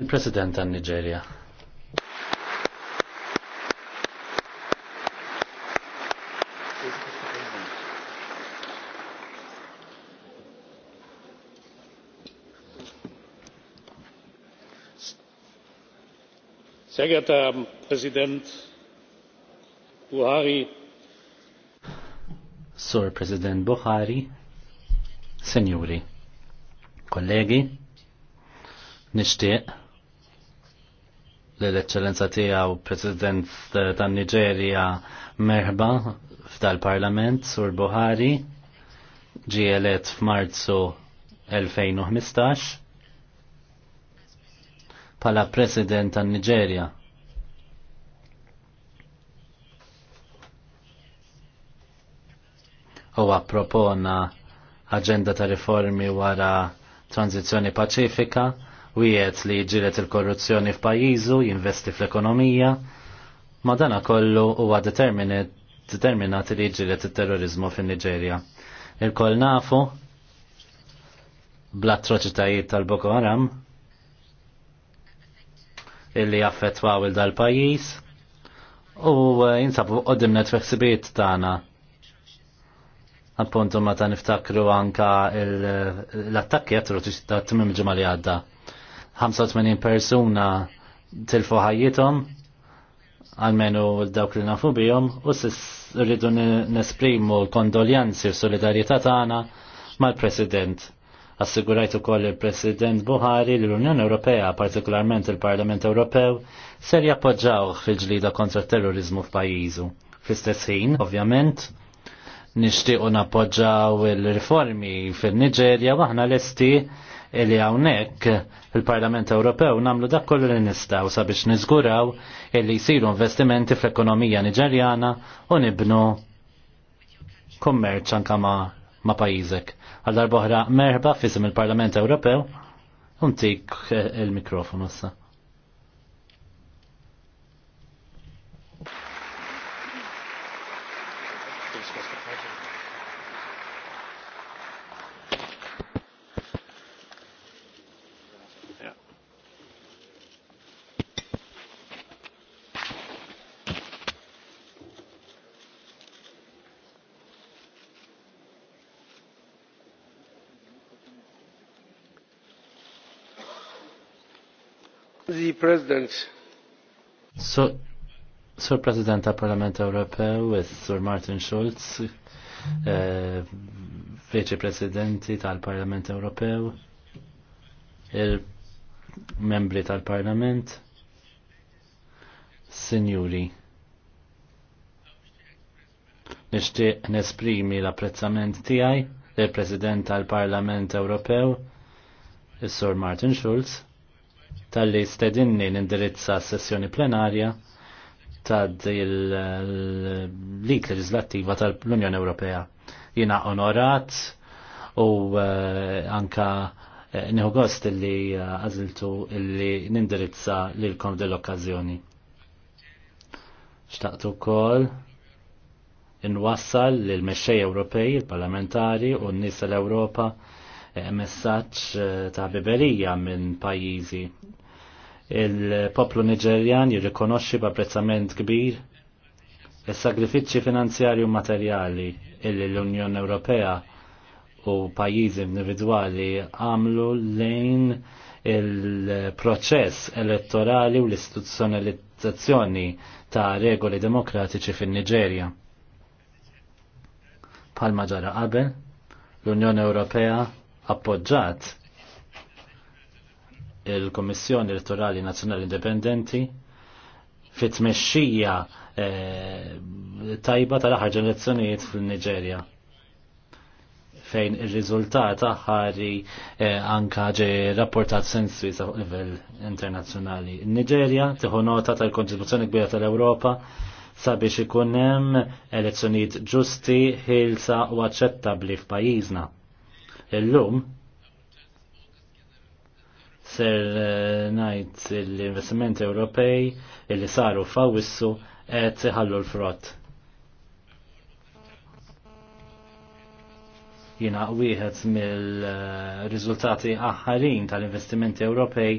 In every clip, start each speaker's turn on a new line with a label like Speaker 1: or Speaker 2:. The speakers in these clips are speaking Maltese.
Speaker 1: Il-President tan Nigeria. Sehr geehrter Herr Präsident Buhari, Sir President Buhari, Signori, kollegi, nishtiq, l-eccellenza tiegħu President tan Niġerja merħba f'dal-Parlament Sur Buhari ġie elett f'Marzu 2015 pala President tan Niġerja. Huwa propona aġenda ta' riformi wara tranzizzjoni paċifika wieħed li ġilet il-korruzzjoni f'pajjiżu, jinvesti fl-ekonomija, ma dana kollu huwa determinat li ġilet il-terrorizmu fin-Niġerja. Il-koll nafu bl-atroċitajiet tal-Boko Haram illi affettwaw il dal pajjiż u eh, jinsabu qoddim netfeksibiet tagħna appuntu ma ta' niftakru anka l-attakki għatru ta' t-mim ġemali għadda. 85 persuna tilfu ħajjitom għalmenu dawk li nafu bihom u rridu nesprimu l-kondoljanzi u solidarjetà tagħna mal-President. Assigurajt ukoll il-President Buhari li l-Unjoni Ewropea, partikolarment il-Parlament Ewropew, ser jappoġġaw fil-ġlida kontra terrorizmu f'pajjiżu. Fl-istess ħin, ovvjament, nixtiequ nappoġġaw il-riformi fin-Niġerja waħna lesti illi hawnhekk fil-Parlament Ewropew nagħmlu dak kollu li nistaw sabiex niżguraw illi jsiru investimenti fl-ekonomija Niġerjana u nibnu kummerċ anka ma', ma pajjiżek. Għal darboħra merba merħba il-Parlament Ewropew untik eh, il-mikrofonu sa' President. So, Sur President tal Parlament Ewropew, Sur Martin Schulz, eh, Vice Presidenti tal-Parlament Ewropew, il-membri tal-Parlament, Sinjuri. Nishtiq nesprimi l-apprezzament tiegħi il president tal-Parlament Ewropew, is-Sur Martin Schulz, tal-li stedinni nindirizza sessjoni plenarja ta' il-lik leġislattiva tal-Unjoni Ewropea. Jina onorat u eh, anka eh, nieħu gost li eh, għaziltu li nindirizza lilkom dell-okkazjoni. Xtaqtu kol inwassal lil mexxej Ewropej, il-parlamentari u n-nies l-Ewropa Eh, messaġġ eh, ta' biberija minn pajjiżi. Il-poplu Niġerjan jirrikonoxxi b'apprezzament kbir is-sagrifiċċji finanzjarji u materjali illi l-Unjoni Ewropea u pajjiżi individwali għamlu lejn il-proċess elettorali u l-istituzzjonalizzazzjoni ta' regoli demokratiċi fin-Niġerja. Palma ġara qabel, l-Unjoni Ewropea appoġġat il-Kommissjoni Elettorali Nazzjonali Indipendenti fit tmexxija e, tajba tal-aħħar ġenerazzjonijiet fil-Niġerja fejn ir-riżultat aħħari e, eh, anka ġe rapportat sensi sa' livell internazzjonali. Niġerja tieħu nota tal-kontribuzzjoni kbira tal-Ewropa sabiex ikun hemm elezzjonijiet ġusti, ħilsa u aċċettabbli f'pajjiżna. Illum ser eh, najt l-investimenti Ewropej illi saru fawissu qed iħallu l-frott. Jina wieħed mill-riżultati aħħarin tal-investimenti Ewropej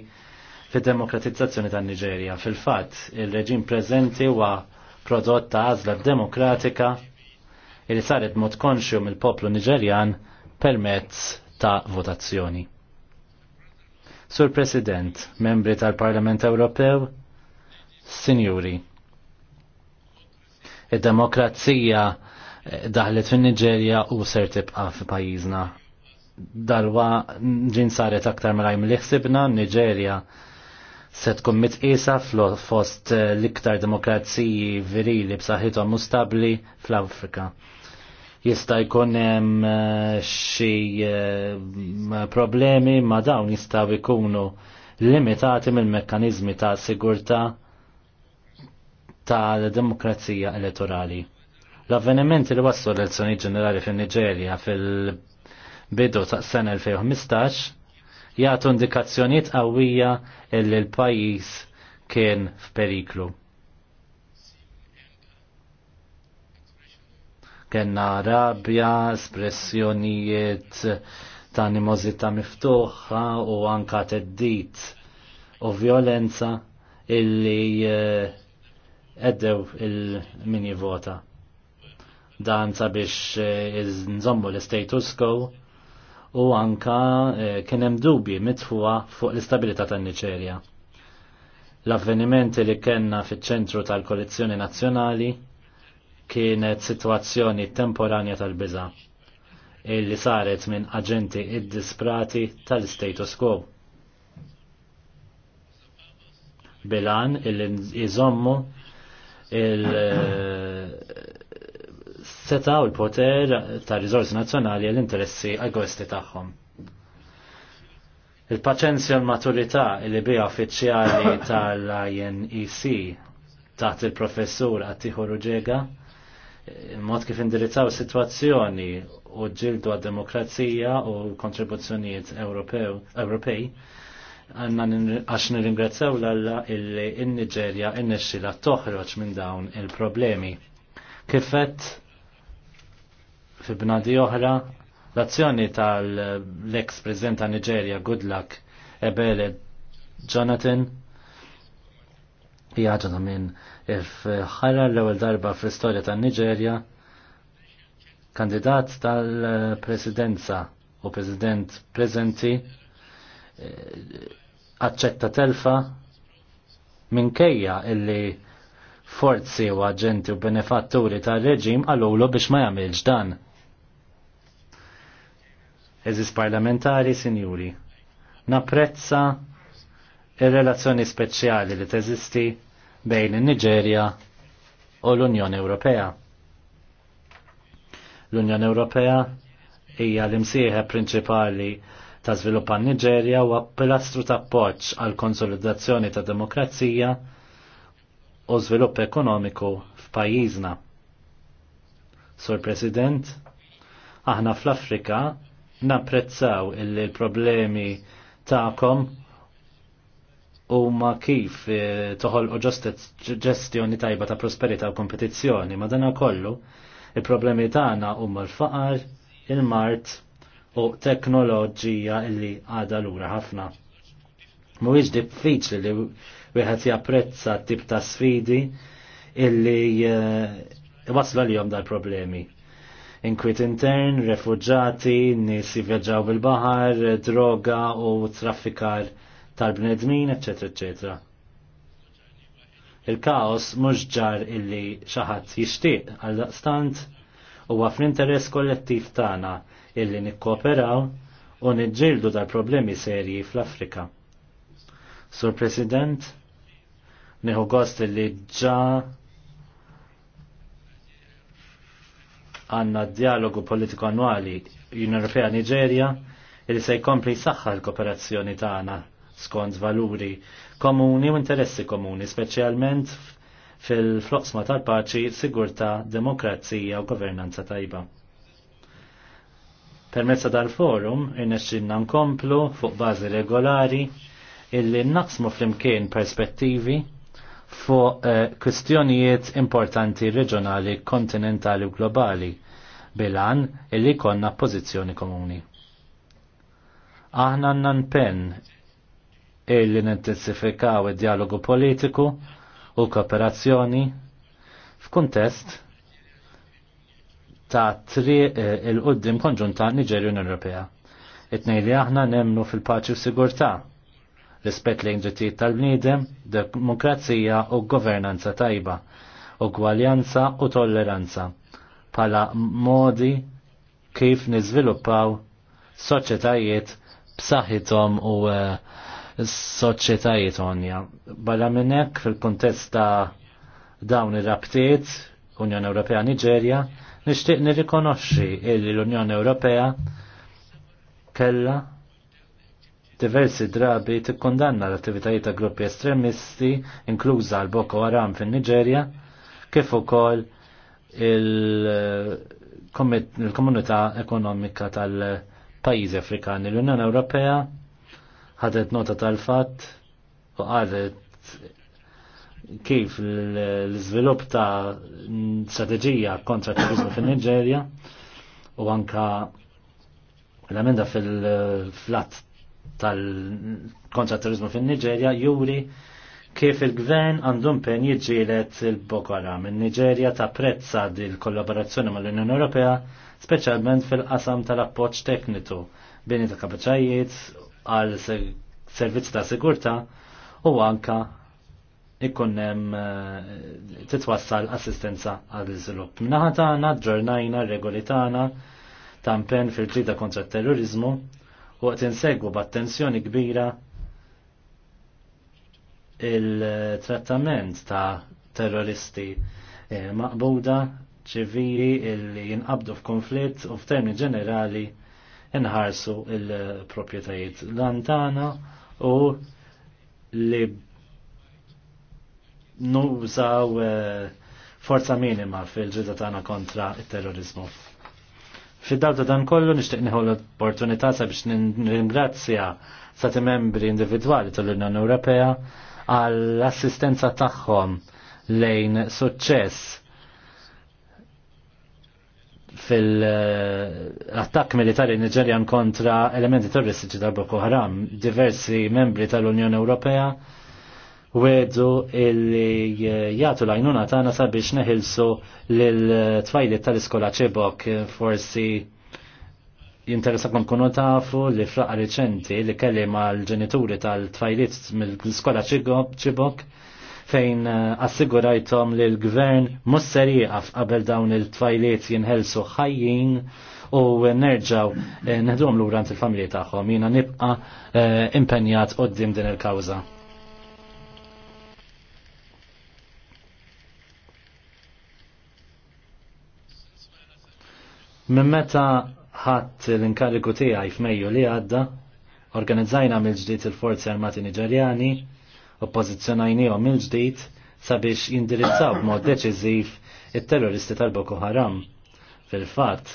Speaker 1: fid-demokratizzazzjoni tan-Niġerja. Fil-fatt, il-reġim preżenti huwa prodott ta' għażla demokratika illi saret mod konxju mill-poplu Niġerjan permezz ta' votazzjoni. Sur President, membri tal-Parlament Ewropew, Sinjuri, id-demokrazija eh, daħlet fin niġerja u ser tibqa' fi pajjiżna. Darwa ġin saret aktar malajm li ħsibna Niġerja se tkun mitqisa fost eh, l-iktar demokraziji virili b'saħħithom mustabbli fl-Afrika jista' jkun hemm eh, xi eh, problemi ma dawn jistgħu jkunu limitati mill-mekkaniżmi ta' sigurtà tal-demokrazija elettorali. L-avvenimenti li wassu l-elezzjoni ġenerali fin niġerja fil-bidu ta' sena 2015 jagħtu indikazzjonijiet qawwija li l-pajjiż kien f'periklu. kena rabja, espressjonijiet ta' animozita miftuħa u anka teddit u violenza illi eh, eddew il-mini vota. Dan sabiex eh, nżommu l-status quo u anka eh, kienem dubji mitfuwa fuq l-istabilita tan-Niċerja. L-avvenimenti li kena fiċ-ċentru tal-Kollezzjoni Nazzjonali kienet situazzjoni temporanja tal-biża illi saret minn aġenti id-disprati tal-status quo. Bilan illi jizommu il-seta eh, u l-poter ta' rizorsi nazjonali l-interessi agosti tagħhom. Il-paċenzja l-maturità li bija uffiċjali tal-INEC taħt il-professur Attiħu Ruġega mod kif indirizzaw situazzjoni u ġildu għad-demokrazija u kontribuzzjonijiet Ewropej għanna għax nir-ingrazzaw l-alla illi in-Nigeria in la toħroġ minn dawn il-problemi. Kifet fi bnadi oħra l-azzjoni tal-ex prezident ta' Nigeria Goodluck Ebele Jonathan jaġna minn il-ħara eh, l-ewel darba fl-istoria ta' Nigeria kandidat tal-presidenza u president prezenti eh, accetta telfa minkejja illi forzi u agenti u benefatturi tal-reġim għallulu biex ma jagħmilx dan. Eżis parlamentari, sinjuri, napprezza ir-relazzjoni speċjali li teżisti bejn in-Niġerja u l-Unjoni Ewropea. L-Unjoni Ewropea hija l-imsieħeb prinċipali ta' żvilupp għan-Niġerja u pilastru ta' appoġġ għal konsolidazzjoni ta' demokrazija u żvilupp ekonomiku f'pajjiżna. Sur President, aħna fl-Afrika napprezzaw il-problemi ta'kom u ma kif eh, toħol u ġestjoni tajba ta' prosperita u kompetizzjoni, ma dana kollu il-problemi tagħna huma l-faqar, il-mart u teknoloġija illi għada lura ħafna. Mhuwiex diffiċli li wieħed japprezza tip ta' sfidi illi eh, waslu li jom dal-problemi. Inkwit intern, refugġati, nis jivjaġaw bil-bahar, droga u traffikar tal-bnedmin, etc. etc. Il-kaos mhux ġar illi xi ħadd jixtieq għal stant huwa fl-interess kollettiv tagħna illi nikkooperaw u nġildu dal-problemi serji fl-Afrika. Sur President, neħu gost li ġa għanna dialogu politiku annuali Unjoni Europea Nigeria illi se jkompli saħħa l-kooperazzjoni tagħna skont valuri komuni u interessi komuni, speċjalment fil-floqsma tal-paċi, sigurta, demokrazija u governanza tajba. Permezza dal-forum, inneċinna nkomplu fuq bażi regolari illi naqsmu flimkien perspettivi fuq eh, kwistjonijiet importanti reġjonali, kontinentali u globali bilan illi konna pożizzjoni komuni. Aħna nan pen illi nintensifikaw id-dialogu politiku u kooperazzjoni f'kuntest ta' tri eh, il-qoddim konġunta Niġerju Unjoni Ewropea. Itnej li aħna nemnu fil-paċi u sigurtà, rispett lejn drittijiet tal-bniedem, demokrazija u governanza tajba, gwaljanza u tolleranza, pala modi kif niżviluppaw soċjetajiet b'saħħithom u uh, s-soċietajiet onja. Barra minnek fil-kontest ta' dawn ir-rabtiet Unjoni Ewropea Niġerja, nixtieq nirrikonoxxi li l-Unjoni Ewropea kellha diversi drabi tikkondanna l-attivitajiet ta' gruppi estremisti, inkluża l Boko Haram fin-Niġerja, kif ukoll il-komunità ekonomika tal-pajjiżi Afrikani. L-Unjoni Ewropea ħadet nota tal-fatt u qalet kif l-iżvilupp ta' strateġija kontra terrorizmu fin-Niġerja u anka l amenda fil-flat tal-kontra terrorizmu fin-Niġerja juri kif il-gvern għandhom pen jġilet il-Boko Haram. Il-Nigeria ta' prezza dil-kollaborazzjoni mal-Unjoni Ewropea, speċjalment fil-qasam tal-appoċ tekniku, bini ta' kapaċajiet għal servizzi ta' sigurta u anka ikkonnem eh, titwassal assistenza għal iżvilupp. Minnaħa tagħna ġġornajna regoli tagħna tampen fil-ġlida kontra terrorizmu u għat insegwu b'attenzjoni kbira il-trattament ta' terroristi eh, maqbuda ċivili il jinqabdu f'konflitt u f'termini ġenerali inħarsu il-propietajiet l-antana u li nużaw eh, forza minima fil-ġida tana kontra il-terrorizmu. Fid-dawta dan kollu nixtieq neħu l-opportunità sabiex ningrazzja stati membri individwali tal-Unjoni Ewropea għall-assistenza tagħhom lejn suċċess fil-attakk militari Niġerjan kontra elementi terroristiċi ta' Boko Haram. Diversi membri tal-Unjoni Ewropea wedu illi jgħatu lajnuna tagħna sabiex neħilsu lil-tfajli tal-iskola ċebok forsi jinteressakom kunu tafu li fraqa reċenti li kelli mal ġenituri tal-tfajliet mill-iskola ċibok fejn eh, assigurajtom li l-gvern musser jieqaf qabel dawn il-tfajliet jinħelsu ħajjin u nerġaw eh, neħdum l-urant il-familji tagħhom jiena nibqa eh, impenjat qoddim din il-kawża. Minn meta ħadd l-inkariku tiegħi f'Mejju li għadda, organizzajna mill-ġdid il-Forzi Armati Niġerjani u pozizjonajnijom il-ġdijt sabiex jindirizzaw b'mod deċiżiv il-terroristi tal-Boko Haram. Fil-fat,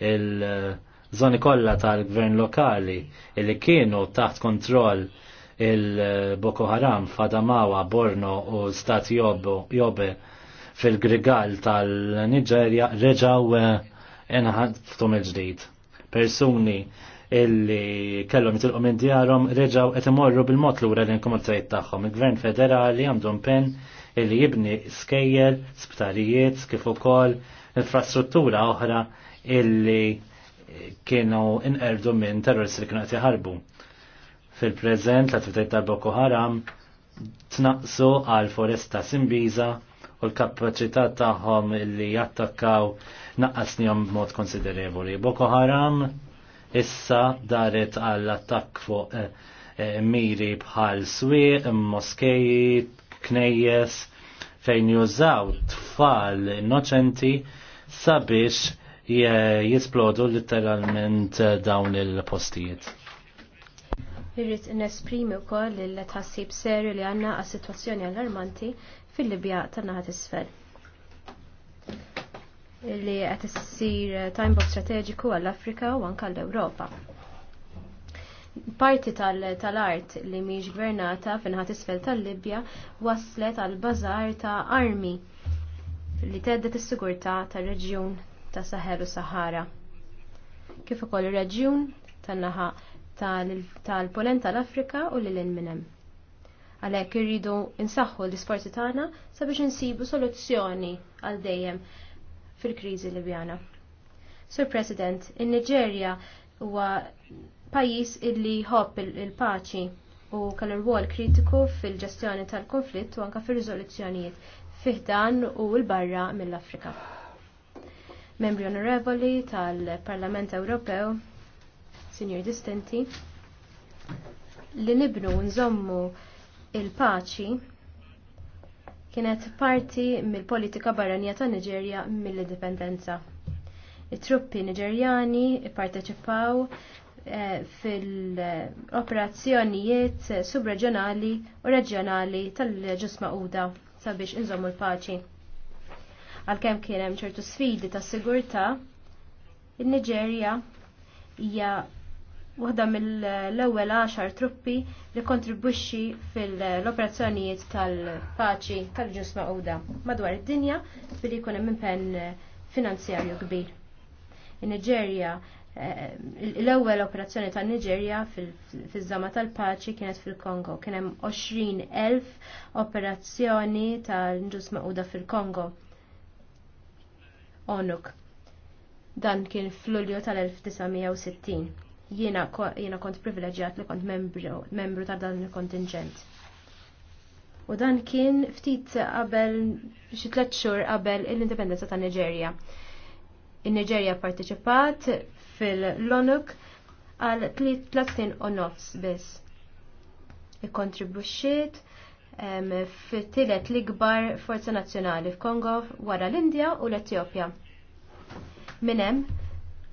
Speaker 1: il-żoni kollha tal-gvern lokali li kienu taħt kontroll il-Boko Haram f'Adamawa, Borno u Stat Jobe fil-Grigal tal-Niġerja reġaw enħadftum eh, il-ġdid. Persuni illi kellhom jitilqu minn djarhom reġgħu qed imorru bil-mod lura lejn komunitajiet tagħhom. Il-Gvern Federali għandhom pen illi jibni skejjel, sptarijiet, kif ukoll infrastruttura oħra illi kienu inqerdu minn terroristi li kienu qed jaħarbu. Fil-preżent l-attivitajiet ta' Boko Haram tnaqsu għal foresta simbiża u l-kapacità tagħhom illi jattakkaw naqqasnihom b'mod konsiderevoli. Boko Haram issa daret għall attakk fuq eh, eh, miri bħal swieq, moskeji, knejjes, fejn jużaw tfal innoċenti sabiex jisplodu literalment eh, dawn il-postijiet.
Speaker 2: Irrit nesprimi wkoll il-tħassib serju li għanna għas-sitwazzjoni allarmanti fil-Libja tan-naħat isfel li qed issir timebox strateġiku għall-Afrika u anke għall-Ewropa. Parti tal-art li mhix gvernata finħat isfel tal-Libja waslet għal bażar ta' armi li teddet is-sigurtà tar-reġjun ta' Saħel u Sahara. Kif ukoll ir-reġjun tan-naħa tal-Polen tal-Afrika u lil minnem għalhekk irridu insaħħu l-isforzi tagħna sabiex insibu soluzzjoni għal dejjem fil-kriżi Libjana. Sur President, in-Niġerja huwa pajjiż illi jħobb il-paċi u kellu rwol kritiku fil-ġestjoni tal-konflitt u anka fir-riżoluzzjonijiet fiħdan u l-barra mill-Afrika. Membri onorevoli tal-Parlament Ewropew, Signor Distinti, li nibnu nżommu il-paċi kienet parti mill-politika barranija ta' Niġerja mill-indipendenza. It-truppi Niġerjani parteċipaw eh, fil-operazzjonijiet subreġjonali u reġjonali tal-ġus Uda sabiex inżommu l-paċi. Għalkemm kien hemm ċertu sfidi ta' sigurtà, in-Niġerja hija waħda mill-ewwel għaxar truppi li kontribwixxi fil-operazzjonijiet tal-paċi tal-ġus maquda madwar id-dinja billi jkun hemm impenn finanzjarju kbir. In-Niġerja eh, l-ewwel operazzjoni tan niġerja fiż-żama tal-paċi kienet fil-Kongo. Kien hemm 20,000 operazzjoni tal-ġus maquda fil-Kongo. Onuk. Dan kien fl-Ulju tal-1960 jiena kont privileġjat li kont membru, membru ta' dan il-kontingent. U dan kien ftit qabel xi tliet xhur qabel l-indipendenza ta' Niġerja. In-Niġerja partiċipat fil-Lonuk għal tliet snin u nofs biss. Ikkontribwixxiet fit-tielet l-ikbar forza nazzjonali f'Kongo wara l-Indja u l-Etjopja. Minem, hemm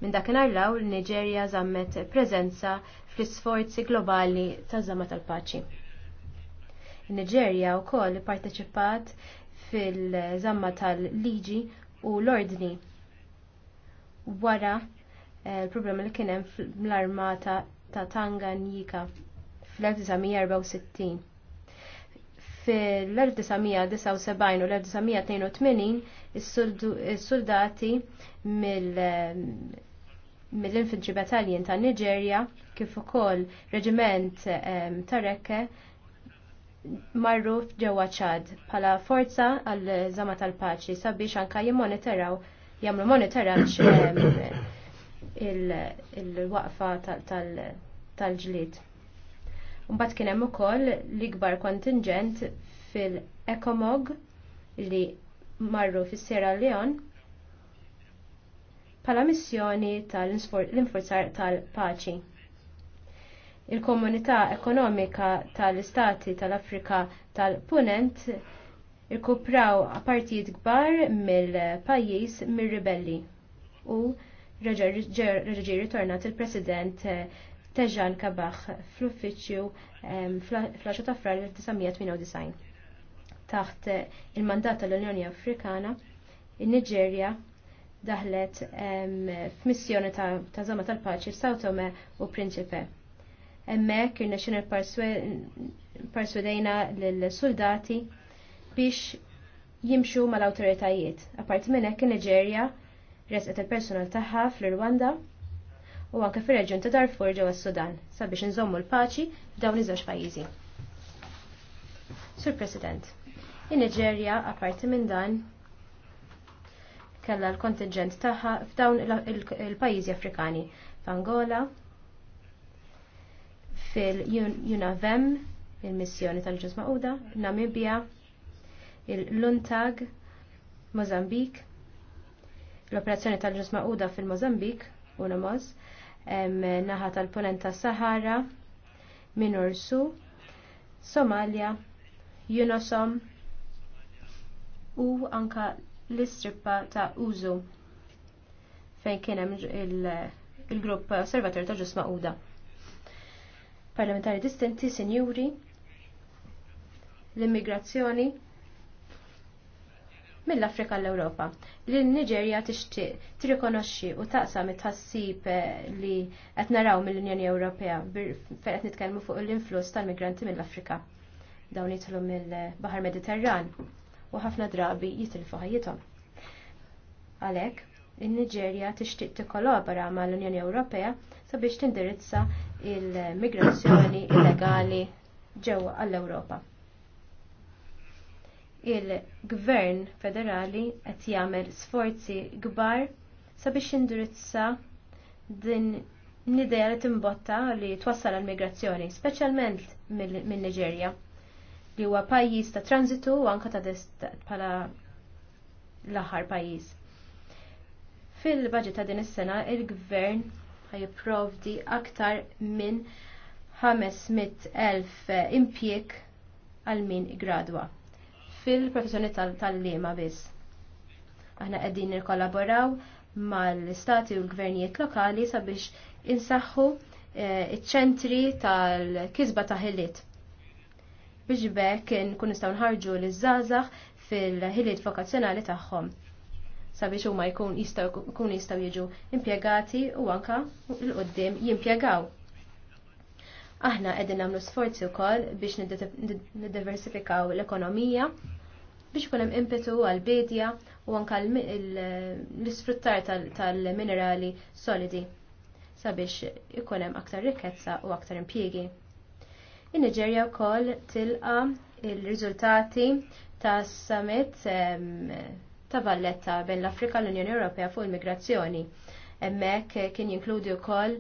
Speaker 2: Minn dakinhar law il-Niġerja żammet preżenza fl-isforzi globali taż-żama tal-paċi. Il-Niġerja wkoll ipparteċipat fil-żamma tal-liġi u l-ordni wara eh, l problema li kien hemm fl-armata ta' Tanganyika fl-1964 fil-1979 u l-1982 is-soldati mill mill-infantry battalion ta' Nigeria kif ukoll reġiment ehm, ta' rekke marru ġewwa ċad bħala forza għal żama tal-paċi sabiex anka jimmoniteraw jagħmlu monitoraġġ ehm, il-waqfa tal Tal Mbagħad kien hemm ukoll l-ikbar kontingent fil-Ekomog li marru fis-Sierra Leone pala missjoni tal inforzar tal-paċi. Il-Komunità Ekonomika tal-Istati tal-Afrika tal-Punent irkupraw partijiet kbar mill-pajjiż mir-ribelli u reġġi ritornat il-President eh, Tejan Kabax fl-uffiċċju fl-10 ta' frar 1998. Taħt eh, il-mandat tal-Unjoni Afrikana, in-Niġerja daħlet f'missjoni ta' zama tal-paċi f'Saw Tome u Prinċipe. Emmek il-National Parswedejna l-soldati biex jimxu mal-autoritajiet. Apart minn hekk in-Niġerja resqet il-personal tagħha fl-Rwanda u anke fir-reġjun ta' Darfur ġewwa s-Sudan sabiex inżommu l-paċi f'dawn iż-żewġ pajjiżi. Sur President, in-Niġerja apparti minn dan kellha l-kontingent tagħha f'dawn il-pajjiżi Afrikani f'Angola, fil-UNAVEM, il-missjoni tal-ġus Mauda, Namibia, il-Luntag, Mozambik, l-operazzjoni tal-ġus Mauda fil-Mozambik, UNAMOS, naħa tal-Ponenta Sahara, Minursu, Somalia, UNOSOM, u anka l-istrippa ta' użu fejn kien hemm il-grupp il ta' Ġusma Uda. Parlamentari distinti, sinjuri, l-immigrazzjoni mill-Afrika l-Ewropa. L-Niġerja tixtieq tirrikonoxxi u taqsam it-tħassib eh, li qed naraw mill-Unjoni Ewropea fejn qed nitkellmu fuq l-influss tal-migranti mill-Afrika. Dawn jidħlu mill-Baħar Mediterran u ħafna drabi jitilfu ħajjithom. Għalhekk, in-Niġerja tixtieq tikkolabora mal-Unjoni Ewropea sabiex tindirizza il-migrazzjoni illegali ġewwa għall-Ewropa. Il-Gvern Federali qed jagħmel sforzi kbar sabiex jindirizza din l-idea li timbotta li twassal għall migrazzjoni speċjalment minn niġerja li huwa pajjiż ta' tranzitu u anka ta' bħala l-aħħar pajjiż. Fil-baġit ta' din is-sena il-gvern jipprovdi aktar minn 500,000 impjieg għal min gradwa fil-professjoni tal-lima biss. Aħna qegħdin nikkollaboraw mal-istati u l-gvernijiet lokali sabiex insaħħu eh, iċ-ċentri tal-kisba ta' ħiliet biex bekk nkun nistgħu nħarġu l żgħażagħ fil-ħiliet vokazzjonali tagħhom sabiex huma jkun jistgħu jistgħu jiġu impjegati u anka l qudiem jimpjegaw. Aħna qegħdin nagħmlu sforzi wkoll biex niddiversifikaw l-ekonomija biex ikun hemm impetu għal bedja u anka l-isfruttar tal-minerali solidi sabiex ikun hemm aktar rikkezza u aktar impjiegi. In-Niġerja wkoll tilqa il-riżultati ta' summit ta' Valletta bejn l-Afrika l-Unjoni Ewropea fuq il-migrazzjoni. Hemmhekk kien jinkludi wkoll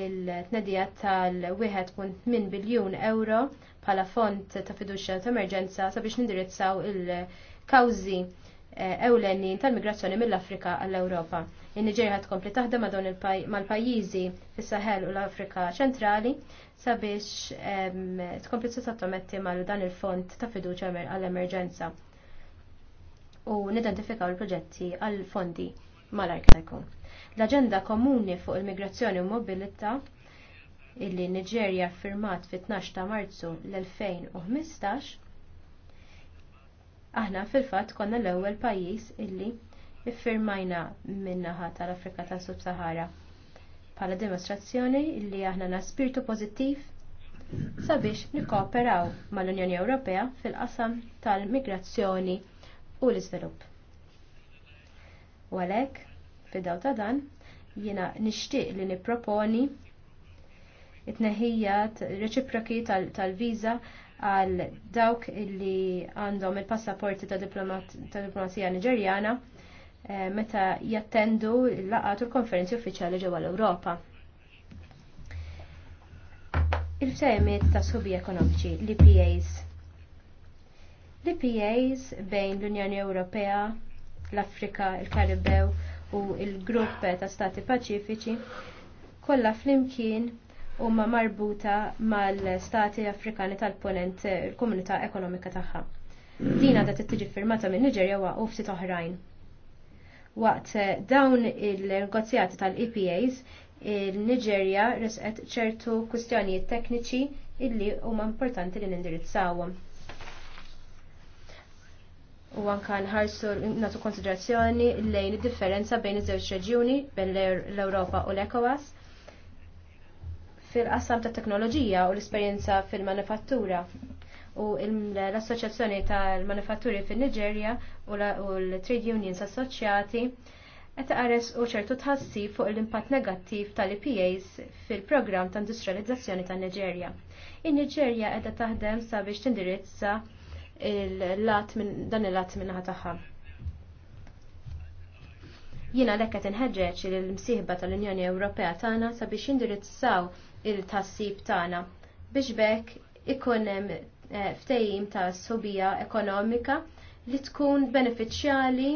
Speaker 2: il-tnedija tal-1.8 biljun euro bħala fond ta' fiduċja ta' emerġenza sabiex nindirizzaw il-kawżi eh, ewlenin tal-migrazzjoni mill-Afrika għall-Ewropa il niġerja tkompli taħdem ma' dawn mal-pajjiżi fis-Saħel u l-Afrika ċentrali sabiex tkompli tistattometti mal dan il-fond ta' fiduċa għall-emerġenza u nidentifikaw il-proġetti għall-fondi mal-arkitekun. L-Aġenda Komuni fuq il-Migrazzjoni u mobilita illi Niġerja firmat fit-12 ta' Marzu l-2015 aħna fil-fatt konna l-ewwel pajjiż illi iffirmajna min-naħa tal-Afrika tas Sub-Sahara bħala dimostrazzjoni li aħna na spiritu pożittiv sabiex nikkooperaw mal-Unjoni Ewropea fil-qasam tal-migrazzjoni u l-iżvilupp. U għalhekk fid-daw ta' dan, jiena nixtieq li nipproponi it-neħija reċiproki tal-viża għal dawk li għandhom il-passaporti ta' diplomazija Niġerjana Eh, meta jattendu l-laqat u l-konferenzi uffiċjali ġewwa l-Ewropa. Il-ftehimiet ta' subi ekonomiċi, l-IPAs. L-IPAs e bejn l-Unjoni Ewropea, l-Afrika, il-Karibew u l grupp ta' Stati Paċifiċi kollha flimkien huma marbuta mal-Stati Afrikani tal-Ponent il-Komunità Ekonomika tagħha. Din għadha tittiġi firmata minn Niġerja u ftit oħrajn. Waqt eh, dawn il-negozjati tal-EPAs, il-Nigeria risqet ċertu kustjonijiet tekniċi illi huma importanti li nindirizzawhom. U anka nħarsu nagħtu konsiderazzjoni lejn id-differenza bejn iż-żewġ reġjuni bejn l-Ewropa u l-ECOWAS fil-qassam ta' teknoloġija u l-esperjenza fil-manifattura u l-Assoċjazzjoni tal-Manifatturi fin-Niġerja u l-Trade Unions Assoċjati qed qares u ċertu tħassib fuq l-impatt negattiv tal-IPAs fil-programm ta' industrializzazzjoni tan niġerja In-Niġerja qiegħda taħdem sabiex tindirizza il-lat minn dan il-lat minnaħa tagħha. Jiena l qed inħeġġeġ lill-msieħba tal-Unjoni Ewropea tagħna sabiex jindirizzaw il-tassib tagħna biex bekk ikun hemm Eh, ftejim ta' sobija ekonomika li tkun beneficjali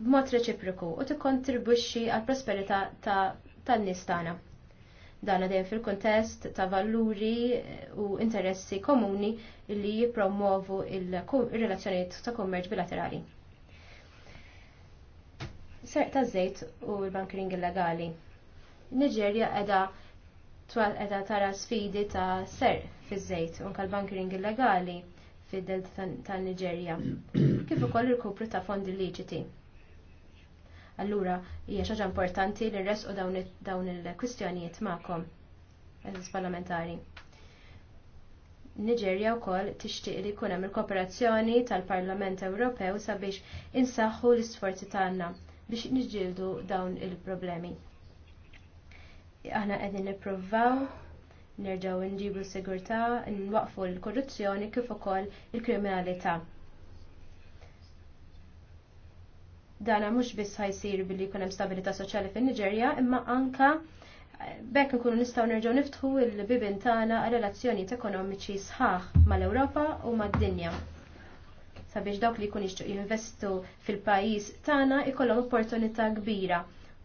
Speaker 2: b'mod reċiproku u tikkontribwixxi għal prosperità tan-nies tagħna. Dan dejjem fil-kontest ta' valuri u interessi komuni li jippromovu il-relazzjonijiet ta' kummerġ bilaterali. Serq ta' żejt u l-bankering illegali. Niġerja qiegħda twal edha tara sfidi ta' ser fiż-żejt unka l-bunkering illegali fid-delta tan-Niġerja kif ukoll il-kupru ta' fondi liċiti. Allura, hija xaġa importanti li resqu dawn il-kwistjonijiet magħkom, eżis parlamentari. Niġerja wkoll tixtieq li jkun hemm il-kooperazzjoni tal-Parlament Ewropew sabiex insaħħu l-isforzi tagħna biex niġġieldu dawn il-problemi aħna qegħdin nippruvaw nerġgħu nġibu s-sigurtà, nwaqfu l-korruzzjoni kif ukoll il-kriminalità. Dana mhux biss ħajsir billi jkun hemm stabilità soċjali fin-Niġerja, imma anka eh, bekk nkunu nistgħu nerġgħu niftħu l-bibin tagħna relazzjonijiet ekonomiċi sħaħ mal-Ewropa u mad-dinja sabiex dawk li jkun jixtieq jinvestu fil-pajjiż tagħna ikollhom opportunità kbira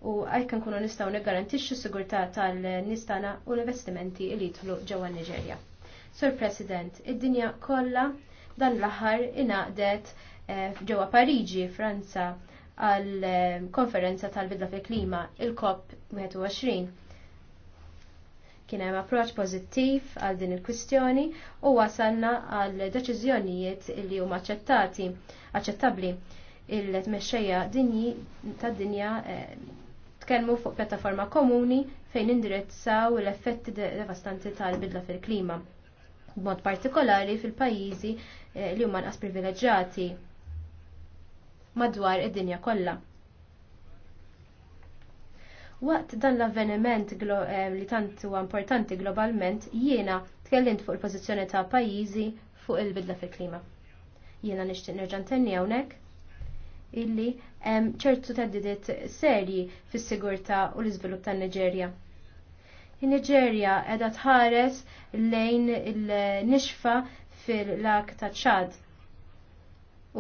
Speaker 2: u għalhekk nkunu nistgħu s sigurtà tal nistana u l-investimenti li jidħlu ġewwa Niġerja. Sur President, id-dinja kollha dan l-aħħar ingħaqdet eh, ġewa Parigi Franza, għal eh, konferenza tal-bidla fil-klima, il-COP 21. Kien hemm approċ pożittiv għal din il-kwistjoni u wasalna għal deċiżjonijiet li huma aċċettati, aċċettabbli il-tmexxejja dinji tad-dinja eh, tkellmu fuq pjattaforma komuni fejn indirizzaw l-effetti devastanti tal-bidla fil-klima, b'mod partikolari fil-pajjiżi eh, li huma nqas privileġġjati madwar id-dinja kollha. Waqt dan l-avveniment eh, li tant huwa importanti globalment, jiena tkellimt fuq il-pożizzjoni ta' pajjiżi fuq il-bidla fil-klima. Jiena nixtieq nerġa' ntenni hawnhekk illi ċertu teddidiet serji fis-sigurtà u l-iżvilupp tan-Niġerja. In-Niġerja qiegħda tħares lejn il-nixfa fil-lak ta' ċad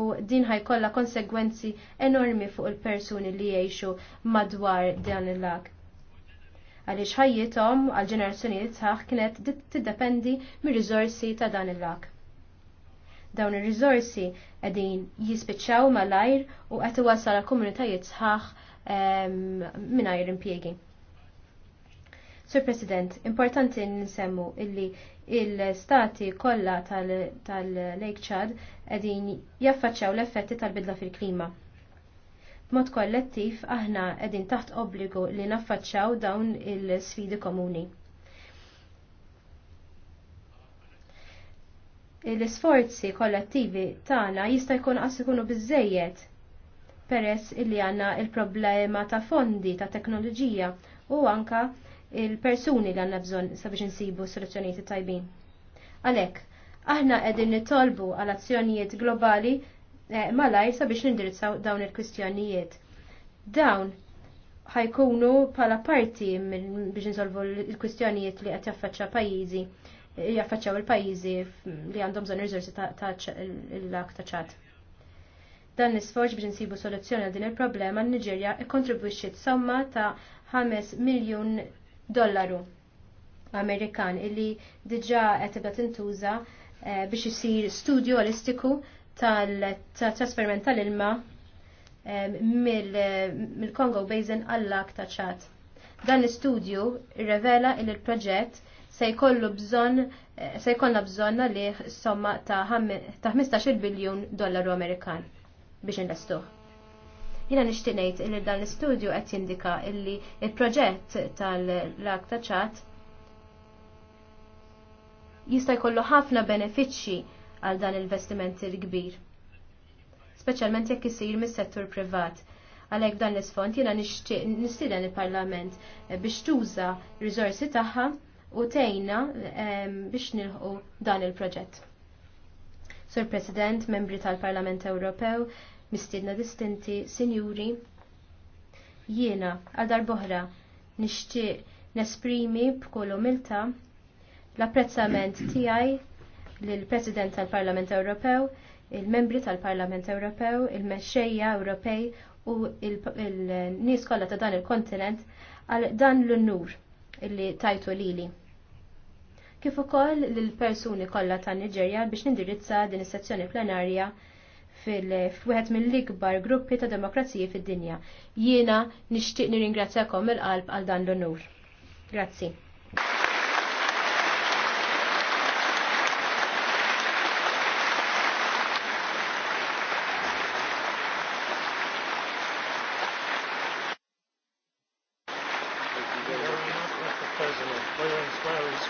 Speaker 2: u din ħajkollha konsegwenzi enormi fuq il-persuni li jgħixu madwar dan il-lag. Għaliex ħajjithom għal ġenerazzjonijiet tagħha kienet tiddependi mir-riżorsi ta' dan il-lag. Dawn ir-riżorsi qegħdin jispiċċaw malajr u qed iwassal għall-komunitajiet sħaħ ehm, mingħajr impjiegi. Sur President, importanti nsemmu illi il-stati kollha tal-Lake Chad qegħdin jaffaċċaw l-effetti tal-bidla fil-klima. B'mod kollettiv aħna qegħdin taħt obbligu li naffaċċaw dawn il-sfidi komuni. l-isforzi kollettivi tagħna jista' jkun qas ikunu biżejjed peress illi għandna il-problema ta' fondi, ta' teknoloġija u anka il-persuni li għandna bżonn sabiex insibu soluzzjonijiet tajbin. Għalhekk, aħna qegħdin nitolbu għal azzjonijiet globali eh, sabiex nindirizzaw dawn il-kwistjonijiet. Dawn ħajkunu pala parti biex insolvu l-kwistjonijiet li qed jaffaċċa pajjiżi jaffaċċaw il-pajjiżi li għandhom bżonn riżorsi ta' l lak ta' ċad. Dan l-isforġ biex insibu soluzzjoni għal din il-problema n-Niġerja ikkontribwixxi somma ta' 5 miljun dollaru Amerikan illi diġà qed tibda tintuża eh, biex isir studju holistiku tal-trasferment tal-ilma eh, mill-Kongo Basin għall lak ta' ċad. Dan l-istudju rivela il-proġett se jkollu bżonn eh, se jkollna bżonna li somma ta' 15 biljun dollaru Amerikan biex investu. Jina nixtieq ngħid li dan l studio qed jindika illi il-proġett tal-rak ta' ċat jista' jkollu ħafna benefiċċji għal dan l-investiment il-kbir. Speċjalment jekk isir mis-settur privat għalhekk dan l-isfond jiena nixtieq nistieden il-Parlament biex tuża r-riżorsi tagħha u tejna biex nilħu dan il-proġett. Sur President, membri tal-Parlament Ewropew, mistiedna distinti, sinjuri, jiena għal darboħra nixtieq nesprimi b'kull umilta l-apprezzament tiegħi lill-President tal-Parlament Ewropew, il-membri tal-Parlament Ewropew, il-mexxejja Ewropej u il-nies kollha ta' dan il-kontinent għal dan l unur illi tajtu lili. Kif ukoll lill-persuni kollha ta' Niġerja biex nindirizza din is-sezzjoni plenarja fil-wieħed mill-ikbar gruppi ta' demokrazija fid-dinja. Jiena nixtieq nirringrazzjakom il qalb għal dan l-onur. Grazzi.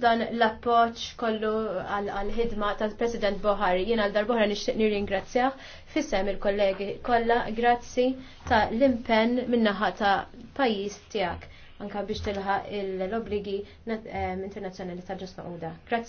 Speaker 2: dan l-appoċ kollu għal-ħidma tal President Bohari. Jien għal darbohra nixtieq nirringrazzjah fissem il-kollegi kollha grazzi ta' l impen minnaħa ta' pajjiż tiegħek anka biex tilħaq l-obligi eh, internazzjonali ta' ġusma Uda. Grazzi.